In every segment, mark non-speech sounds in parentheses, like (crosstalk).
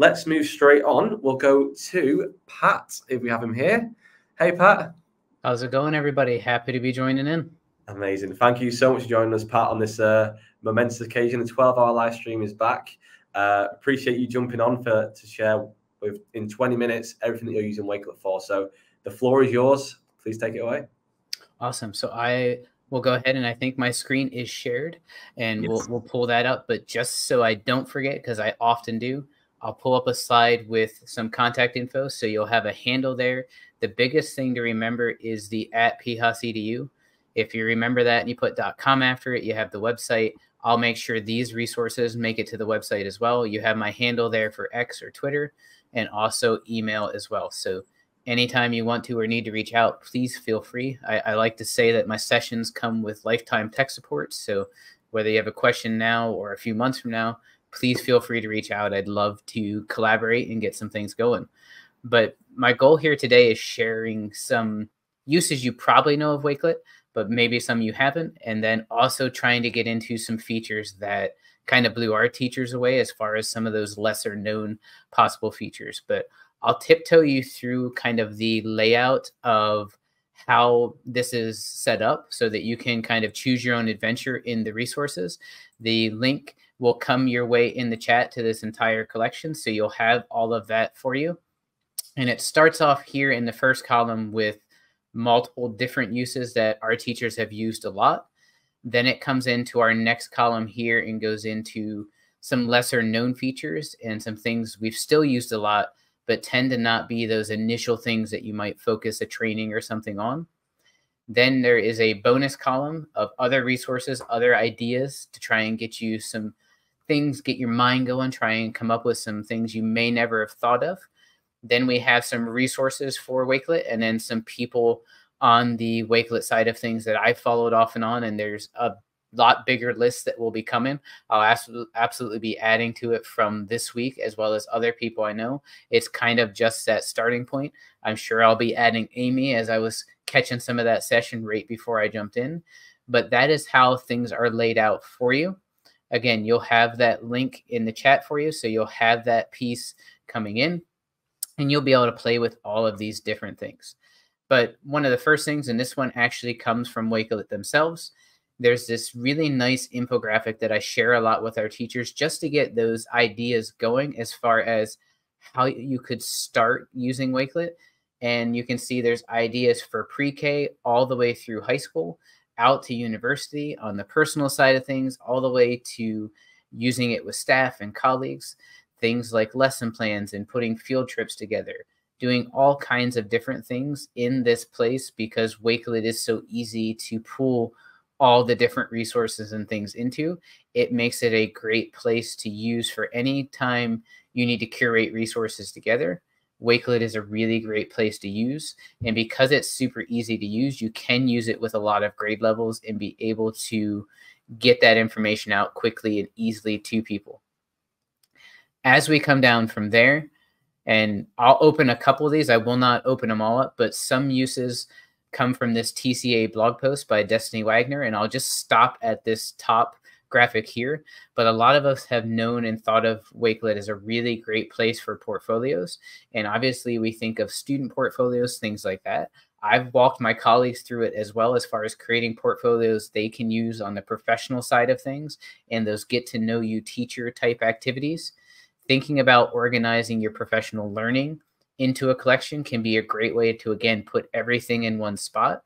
Let's move straight on. We'll go to Pat if we have him here. Hey, Pat. How's it going, everybody? Happy to be joining in. Amazing. Thank you so much for joining us, Pat, on this uh, momentous occasion. The 12 hour live stream is back. Uh, appreciate you jumping on for to share with in 20 minutes everything that you're using Wake Up for. So the floor is yours. Please take it away. Awesome. So I will go ahead and I think my screen is shared and yes. we'll, we'll pull that up. But just so I don't forget, because I often do, I'll pull up a slide with some contact info. So you'll have a handle there. The biggest thing to remember is the at PHAS If you remember that and you put .com after it, you have the website. I'll make sure these resources make it to the website as well. You have my handle there for X or Twitter and also email as well. So anytime you want to or need to reach out, please feel free. I, I like to say that my sessions come with lifetime tech support. So whether you have a question now or a few months from now, please feel free to reach out. I'd love to collaborate and get some things going. But my goal here today is sharing some uses you probably know of Wakelet, but maybe some you haven't, and then also trying to get into some features that kind of blew our teachers away as far as some of those lesser known possible features. But I'll tiptoe you through kind of the layout of how this is set up so that you can kind of choose your own adventure in the resources. The link will come your way in the chat to this entire collection. So you'll have all of that for you. And it starts off here in the first column with multiple different uses that our teachers have used a lot. Then it comes into our next column here and goes into some lesser known features and some things we've still used a lot, but tend to not be those initial things that you might focus a training or something on. Then there is a bonus column of other resources, other ideas to try and get you some things, get your mind going, try and come up with some things you may never have thought of. Then we have some resources for Wakelet and then some people on the Wakelet side of things that I followed off and on. And there's a lot bigger list that will be coming. I'll absolutely be adding to it from this week as well as other people I know. It's kind of just that starting point. I'm sure I'll be adding Amy as I was catching some of that session right before I jumped in. But that is how things are laid out for you. Again, you'll have that link in the chat for you. So you'll have that piece coming in and you'll be able to play with all of these different things. But one of the first things, and this one actually comes from Wakelet themselves, there's this really nice infographic that I share a lot with our teachers just to get those ideas going as far as how you could start using Wakelet. And you can see there's ideas for pre K all the way through high school out to university on the personal side of things, all the way to using it with staff and colleagues, things like lesson plans and putting field trips together, doing all kinds of different things in this place because Wakelet is so easy to pull all the different resources and things into. It makes it a great place to use for any time you need to curate resources together. Wakelet is a really great place to use. And because it's super easy to use, you can use it with a lot of grade levels and be able to get that information out quickly and easily to people. As we come down from there, and I'll open a couple of these, I will not open them all up, but some uses come from this TCA blog post by Destiny Wagner, and I'll just stop at this top graphic here, but a lot of us have known and thought of Wakelet as a really great place for portfolios. And obviously, we think of student portfolios, things like that. I've walked my colleagues through it as well as far as creating portfolios they can use on the professional side of things and those get to know you teacher type activities. Thinking about organizing your professional learning into a collection can be a great way to, again, put everything in one spot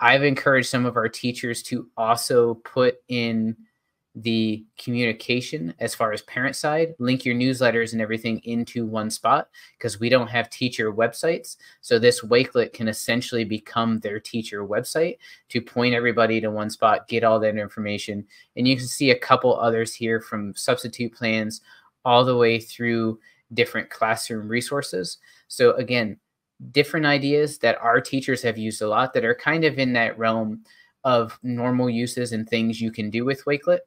I've encouraged some of our teachers to also put in the communication as far as parent side link your newsletters and everything into one spot because we don't have teacher websites so this wakelet can essentially become their teacher website to point everybody to one spot get all that information and you can see a couple others here from substitute plans all the way through different classroom resources so again different ideas that our teachers have used a lot that are kind of in that realm of normal uses and things you can do with Wakelet.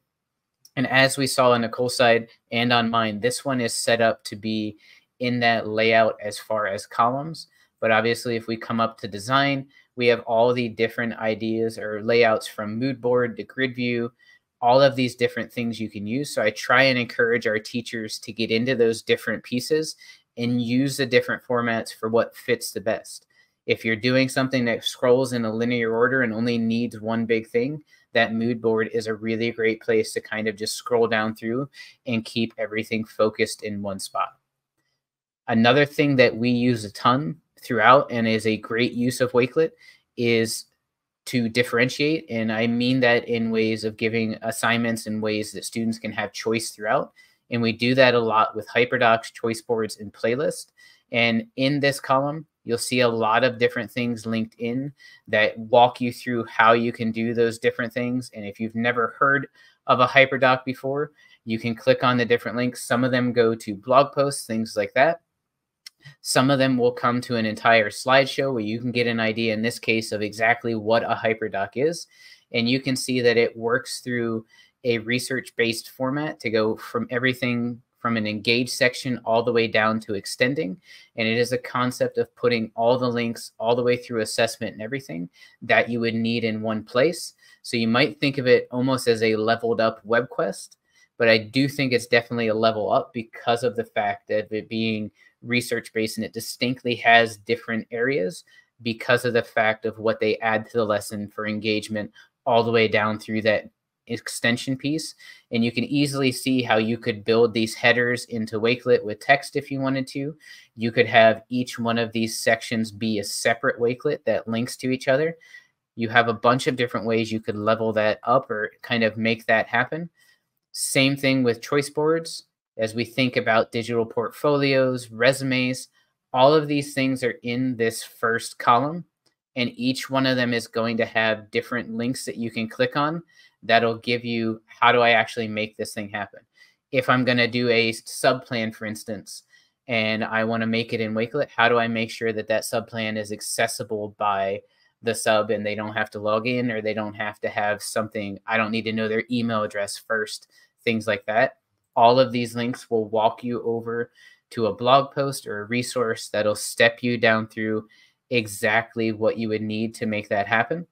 And as we saw on Nicole's side and on mine, this one is set up to be in that layout as far as columns. But obviously, if we come up to design, we have all the different ideas or layouts from mood board to grid view, all of these different things you can use. So I try and encourage our teachers to get into those different pieces and use the different formats for what fits the best. If you're doing something that scrolls in a linear order and only needs one big thing, that mood board is a really great place to kind of just scroll down through and keep everything focused in one spot. Another thing that we use a ton throughout and is a great use of Wakelet is to differentiate. And I mean that in ways of giving assignments and ways that students can have choice throughout and we do that a lot with HyperDocs, choice boards, and playlist. And in this column, you'll see a lot of different things linked in that walk you through how you can do those different things. And if you've never heard of a HyperDoc before, you can click on the different links. Some of them go to blog posts, things like that. Some of them will come to an entire slideshow where you can get an idea, in this case, of exactly what a HyperDoc is. And you can see that it works through a research based format to go from everything from an engage section all the way down to extending. And it is a concept of putting all the links all the way through assessment and everything that you would need in one place. So you might think of it almost as a leveled up web quest, but I do think it's definitely a level up because of the fact that it being research based and it distinctly has different areas because of the fact of what they add to the lesson for engagement all the way down through that extension piece. And you can easily see how you could build these headers into Wakelet with text if you wanted to. You could have each one of these sections be a separate Wakelet that links to each other. You have a bunch of different ways you could level that up or kind of make that happen. Same thing with choice boards. As we think about digital portfolios, resumes, all of these things are in this first column and each one of them is going to have different links that you can click on that'll give you how do I actually make this thing happen. If I'm going to do a sub plan, for instance, and I want to make it in Wakelet, how do I make sure that that sub plan is accessible by the sub and they don't have to log in or they don't have to have something? I don't need to know their email address first, things like that. All of these links will walk you over to a blog post or a resource that'll step you down through exactly what you would need to make that happen.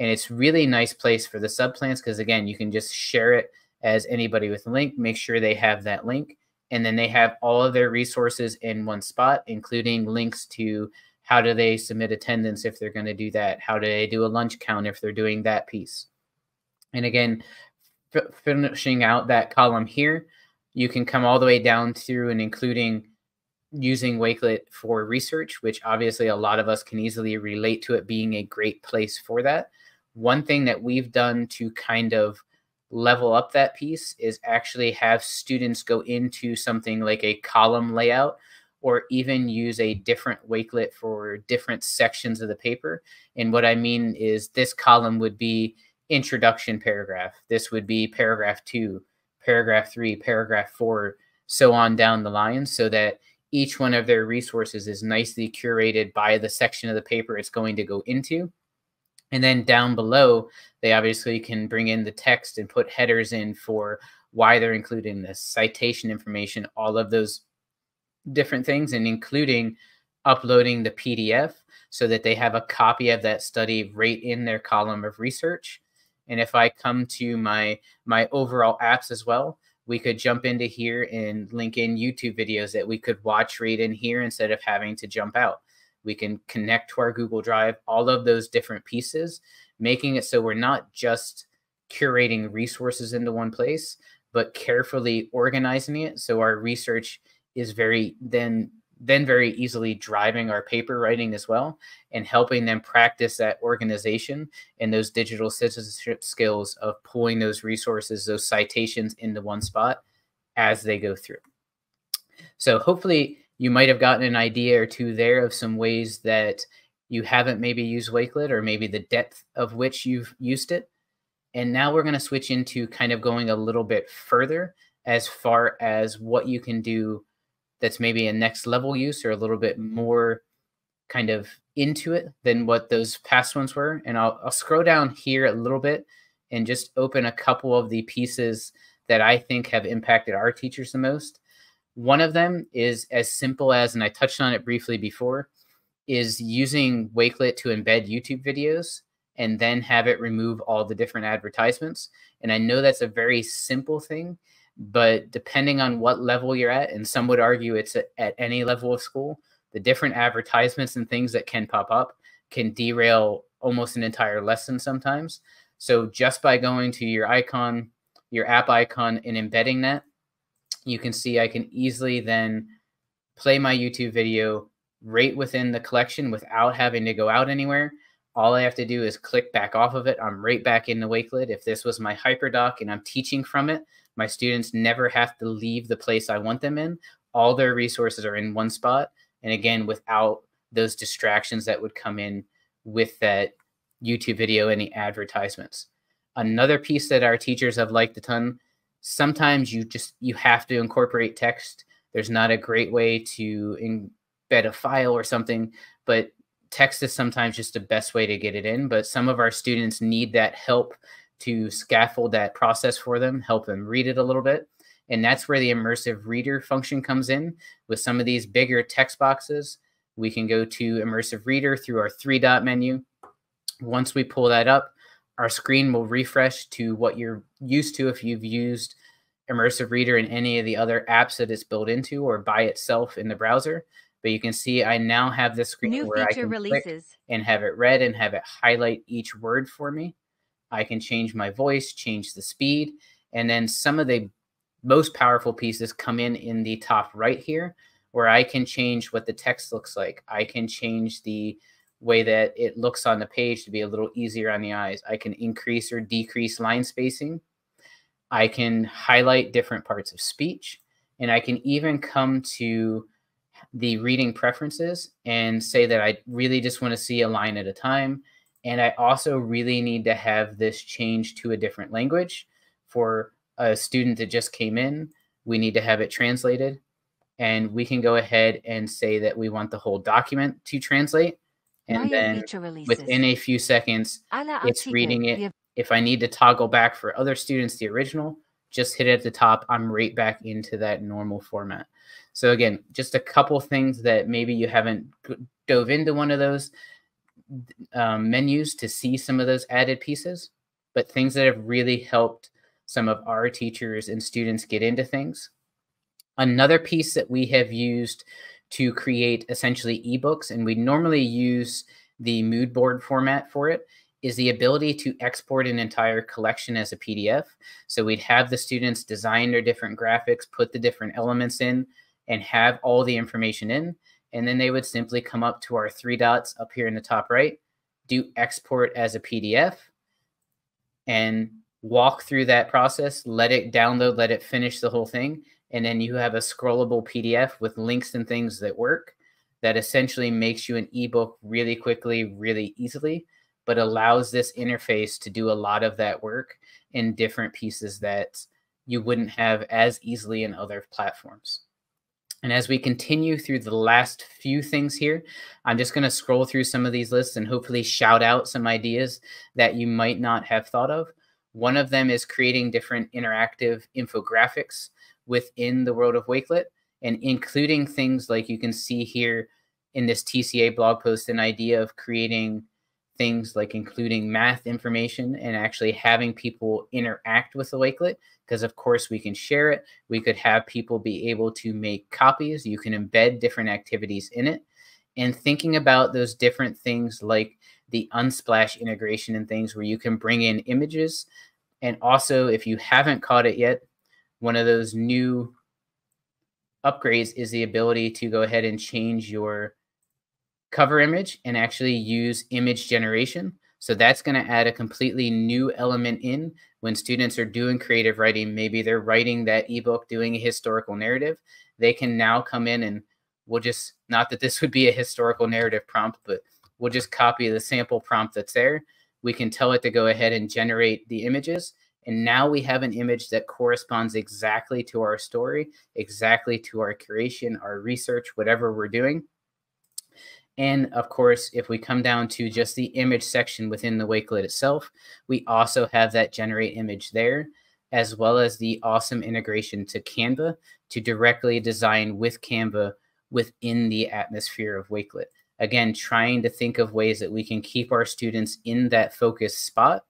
And it's really nice place for the subplants because again, you can just share it as anybody with a link, make sure they have that link. And then they have all of their resources in one spot, including links to how do they submit attendance if they're going to do that? How do they do a lunch count if they're doing that piece? And again, finishing out that column here, you can come all the way down through and including using Wakelet for research, which obviously a lot of us can easily relate to it being a great place for that one thing that we've done to kind of level up that piece is actually have students go into something like a column layout or even use a different wakelet for different sections of the paper. And what I mean is this column would be introduction paragraph. This would be paragraph two, paragraph three, paragraph four, so on down the line so that each one of their resources is nicely curated by the section of the paper it's going to go into. And then down below, they obviously can bring in the text and put headers in for why they're including this citation information, all of those different things, and including uploading the PDF so that they have a copy of that study right in their column of research. And if I come to my my overall apps as well, we could jump into here and link in YouTube videos that we could watch, read in here instead of having to jump out we can connect to our Google Drive, all of those different pieces, making it so we're not just curating resources into one place, but carefully organizing it so our research is very then then very easily driving our paper writing as well and helping them practice that organization and those digital citizenship skills of pulling those resources those citations into one spot as they go through so hopefully you might have gotten an idea or two there of some ways that you haven't maybe used Wakelet or maybe the depth of which you've used it. And now we're going to switch into kind of going a little bit further as far as what you can do that's maybe a next level use or a little bit more kind of into it than what those past ones were. And I'll, I'll scroll down here a little bit and just open a couple of the pieces that I think have impacted our teachers the most. One of them is as simple as, and I touched on it briefly before, is using Wakelet to embed YouTube videos and then have it remove all the different advertisements. And I know that's a very simple thing, but depending on what level you're at, and some would argue it's a, at any level of school, the different advertisements and things that can pop up can derail almost an entire lesson sometimes. So just by going to your icon, your app icon, and embedding that, you can see I can easily then play my YouTube video right within the collection without having to go out anywhere. All I have to do is click back off of it. I'm right back in the Wakelet. If this was my HyperDoc and I'm teaching from it, my students never have to leave the place I want them in. All their resources are in one spot. And again, without those distractions that would come in with that YouTube video and the advertisements. Another piece that our teachers have liked a ton sometimes you just you have to incorporate text there's not a great way to embed a file or something but text is sometimes just the best way to get it in but some of our students need that help to scaffold that process for them help them read it a little bit and that's where the immersive reader function comes in with some of these bigger text boxes we can go to immersive reader through our three dot menu once we pull that up our screen will refresh to what you're used to if you've used Immersive Reader in any of the other apps that it's built into or by itself in the browser. But you can see I now have the screen New where I can releases. click and have it read and have it highlight each word for me. I can change my voice, change the speed, and then some of the most powerful pieces come in in the top right here, where I can change what the text looks like. I can change the way that it looks on the page to be a little easier on the eyes. I can increase or decrease line spacing. I can highlight different parts of speech. And I can even come to the reading preferences and say that I really just want to see a line at a time. And I also really need to have this change to a different language for a student that just came in. We need to have it translated. And we can go ahead and say that we want the whole document to translate and then within a few seconds, it's reading it. If I need to toggle back for other students the original, just hit it at the top. I'm right back into that normal format. So again, just a couple things that maybe you haven't dove into one of those um, menus to see some of those added pieces, but things that have really helped some of our teachers and students get into things. Another piece that we have used to create essentially ebooks, and we normally use the mood board format for it, is the ability to export an entire collection as a PDF. So we'd have the students design their different graphics, put the different elements in, and have all the information in. And then they would simply come up to our three dots up here in the top right, do export as a PDF, and walk through that process, let it download, let it finish the whole thing, and then you have a scrollable PDF with links and things that work that essentially makes you an ebook really quickly, really easily, but allows this interface to do a lot of that work in different pieces that you wouldn't have as easily in other platforms. And as we continue through the last few things here, I'm just going to scroll through some of these lists and hopefully shout out some ideas that you might not have thought of. One of them is creating different interactive infographics within the world of Wakelet and including things like you can see here in this TCA blog post an idea of creating things like including math information and actually having people interact with the Wakelet because of course we can share it. We could have people be able to make copies. You can embed different activities in it and thinking about those different things like the Unsplash integration and things where you can bring in images. And also if you haven't caught it yet, one of those new upgrades is the ability to go ahead and change your cover image and actually use image generation. So that's going to add a completely new element in when students are doing creative writing. Maybe they're writing that ebook, doing a historical narrative. They can now come in and we'll just, not that this (laughs) would be a historical narrative prompt, but we'll just copy the sample prompt that's there. We can tell it to go ahead and generate the images and now we have an image that corresponds exactly to our story, exactly to our curation, our research, whatever we're doing. And of course, if we come down to just the image section within the Wakelet itself, we also have that generate image there, as well as the awesome integration to Canva to directly design with Canva within the atmosphere of Wakelet. Again, trying to think of ways that we can keep our students in that focus spot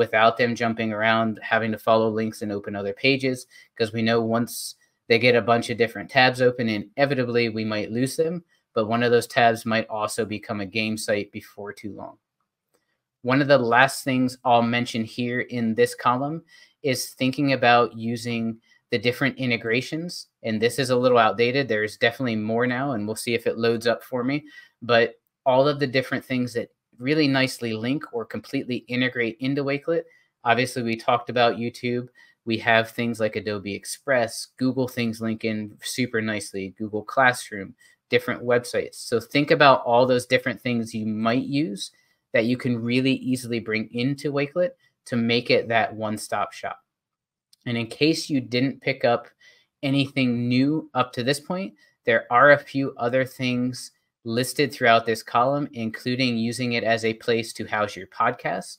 without them jumping around, having to follow links and open other pages. Because we know once they get a bunch of different tabs open, inevitably we might lose them, but one of those tabs might also become a game site before too long. One of the last things I'll mention here in this column is thinking about using the different integrations. And this is a little outdated. There's definitely more now, and we'll see if it loads up for me. But all of the different things that really nicely link or completely integrate into Wakelet. Obviously, we talked about YouTube. We have things like Adobe Express, Google things link in super nicely, Google Classroom, different websites. So think about all those different things you might use that you can really easily bring into Wakelet to make it that one stop shop. And in case you didn't pick up anything new up to this point, there are a few other things listed throughout this column, including using it as a place to house your podcast,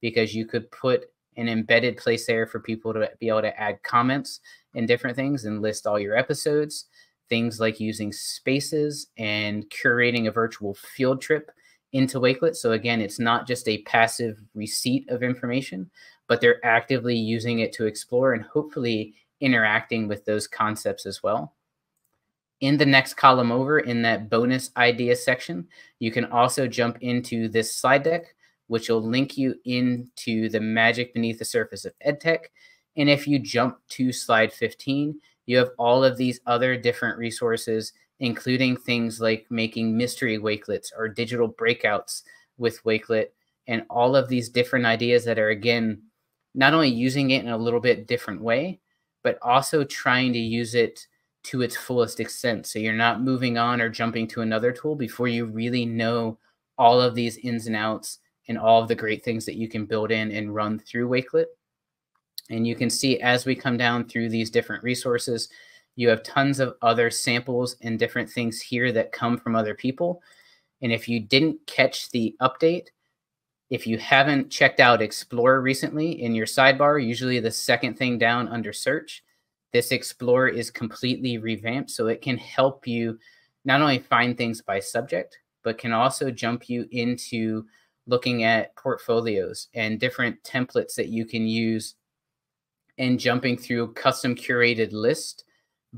because you could put an embedded place there for people to be able to add comments and different things and list all your episodes. Things like using spaces and curating a virtual field trip into Wakelet. So, again, it's not just a passive receipt of information, but they're actively using it to explore and hopefully interacting with those concepts as well in the next column over in that bonus idea section, you can also jump into this slide deck, which will link you into the magic beneath the surface of EdTech. And if you jump to slide 15, you have all of these other different resources, including things like making mystery wakelets or digital breakouts with Wakelet and all of these different ideas that are, again, not only using it in a little bit different way, but also trying to use it – to its fullest extent. So you're not moving on or jumping to another tool before you really know all of these ins and outs and all of the great things that you can build in and run through Wakelet. And you can see as we come down through these different resources, you have tons of other samples and different things here that come from other people. And if you didn't catch the update, if you haven't checked out Explorer recently in your sidebar, usually the second thing down under search, this Explorer is completely revamped, so it can help you not only find things by subject, but can also jump you into looking at portfolios and different templates that you can use and jumping through custom curated list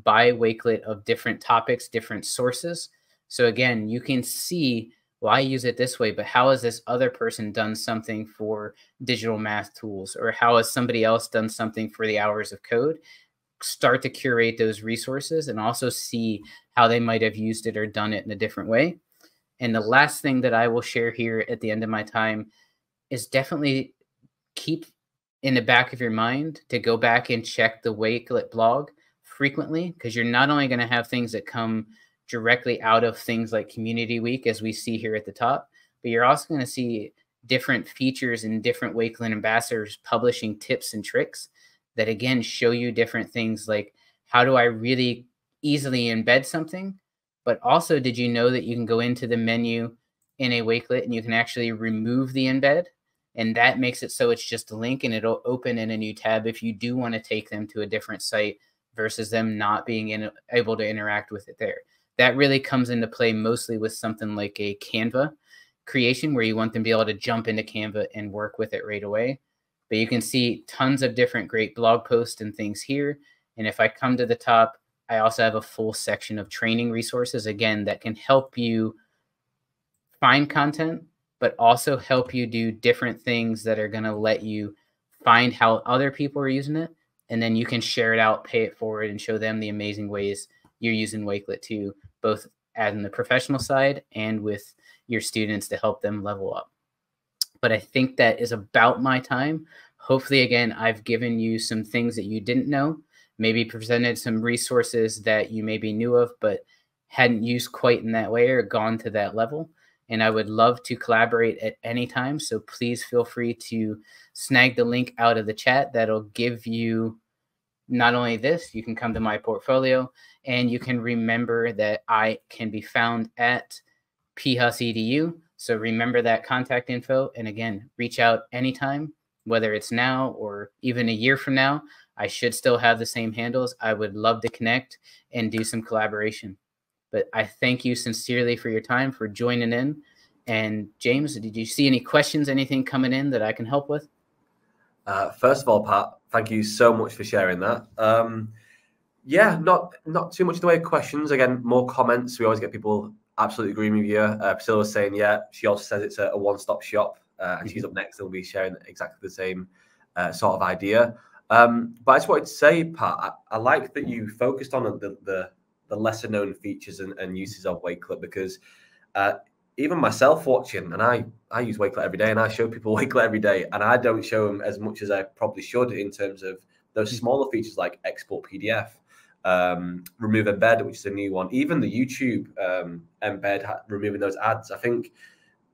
by Wakelet of different topics, different sources. So again, you can see well, I use it this way, but how has this other person done something for digital math tools? Or how has somebody else done something for the hours of code? start to curate those resources and also see how they might have used it or done it in a different way. And the last thing that I will share here at the end of my time is definitely keep in the back of your mind to go back and check the Wakelet blog frequently because you're not only going to have things that come directly out of things like Community Week, as we see here at the top, but you're also going to see different features and different Wakeland ambassadors publishing tips and tricks that again show you different things like how do I really easily embed something? But also, did you know that you can go into the menu in a Wakelet and you can actually remove the embed? And that makes it so it's just a link and it'll open in a new tab if you do want to take them to a different site versus them not being in, able to interact with it there. That really comes into play mostly with something like a Canva creation where you want them to be able to jump into Canva and work with it right away. But you can see tons of different great blog posts and things here. And if I come to the top, I also have a full section of training resources, again, that can help you find content, but also help you do different things that are going to let you find how other people are using it. And then you can share it out, pay it forward, and show them the amazing ways you're using Wakelet too, both as in the professional side and with your students to help them level up but I think that is about my time. Hopefully, again, I've given you some things that you didn't know, maybe presented some resources that you maybe knew of, but hadn't used quite in that way or gone to that level. And I would love to collaborate at any time. So please feel free to snag the link out of the chat. That'll give you not only this, you can come to my portfolio and you can remember that I can be found at phusedu so remember that contact info. And again, reach out anytime, whether it's now or even a year from now. I should still have the same handles. I would love to connect and do some collaboration. But I thank you sincerely for your time, for joining in. And James, did you see any questions, anything coming in that I can help with? Uh, first of all, Pat, thank you so much for sharing that. Um, yeah, not not too much in the way of questions. Again, more comments. We always get people absolutely agreeing with you. Uh, Priscilla was saying, yeah, she also says it's a, a one-stop shop, uh, and she's mm-hmm. up next. They'll be sharing exactly the same uh, sort of idea. Um, but I just wanted to say, Pat, I, I like that you focused on the the, the lesser-known features and, and, uses of Wakelet because uh, even myself watching, and I I use Wakelet every day, and I show people (laughs) Wakelet every day, and I don't show them as much as I probably should in terms of those mm. smaller features like export PDF um, remove embed, which is a new one. Even the YouTube um, embed, removing those ads, I think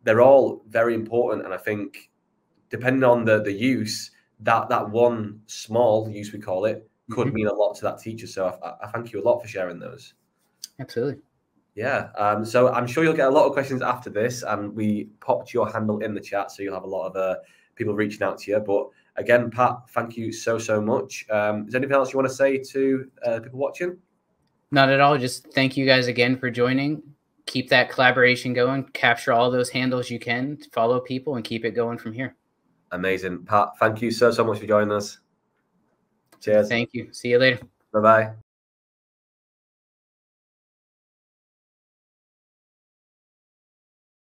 they're all very important. And I think depending on the the use, that that one small use we call it could mm -hmm. mean a lot to that teacher. So I, I, thank you a lot for sharing those. Absolutely. Yeah. Um, so I'm sure you'll get a lot of questions after this, and we popped your handle in the chat, so you'll have a lot of uh, people reaching out to you. But Again, Pat, thank you so, so much. Um, is anything else you want to say to uh, people watching? Not at all. Just thank you guys again for joining. Keep that collaboration going. Capture all those handles you can. Follow people and keep it going from here. Amazing. Pat, thank you so, so much for joining us. Cheers. Thank you. See you later. Bye bye.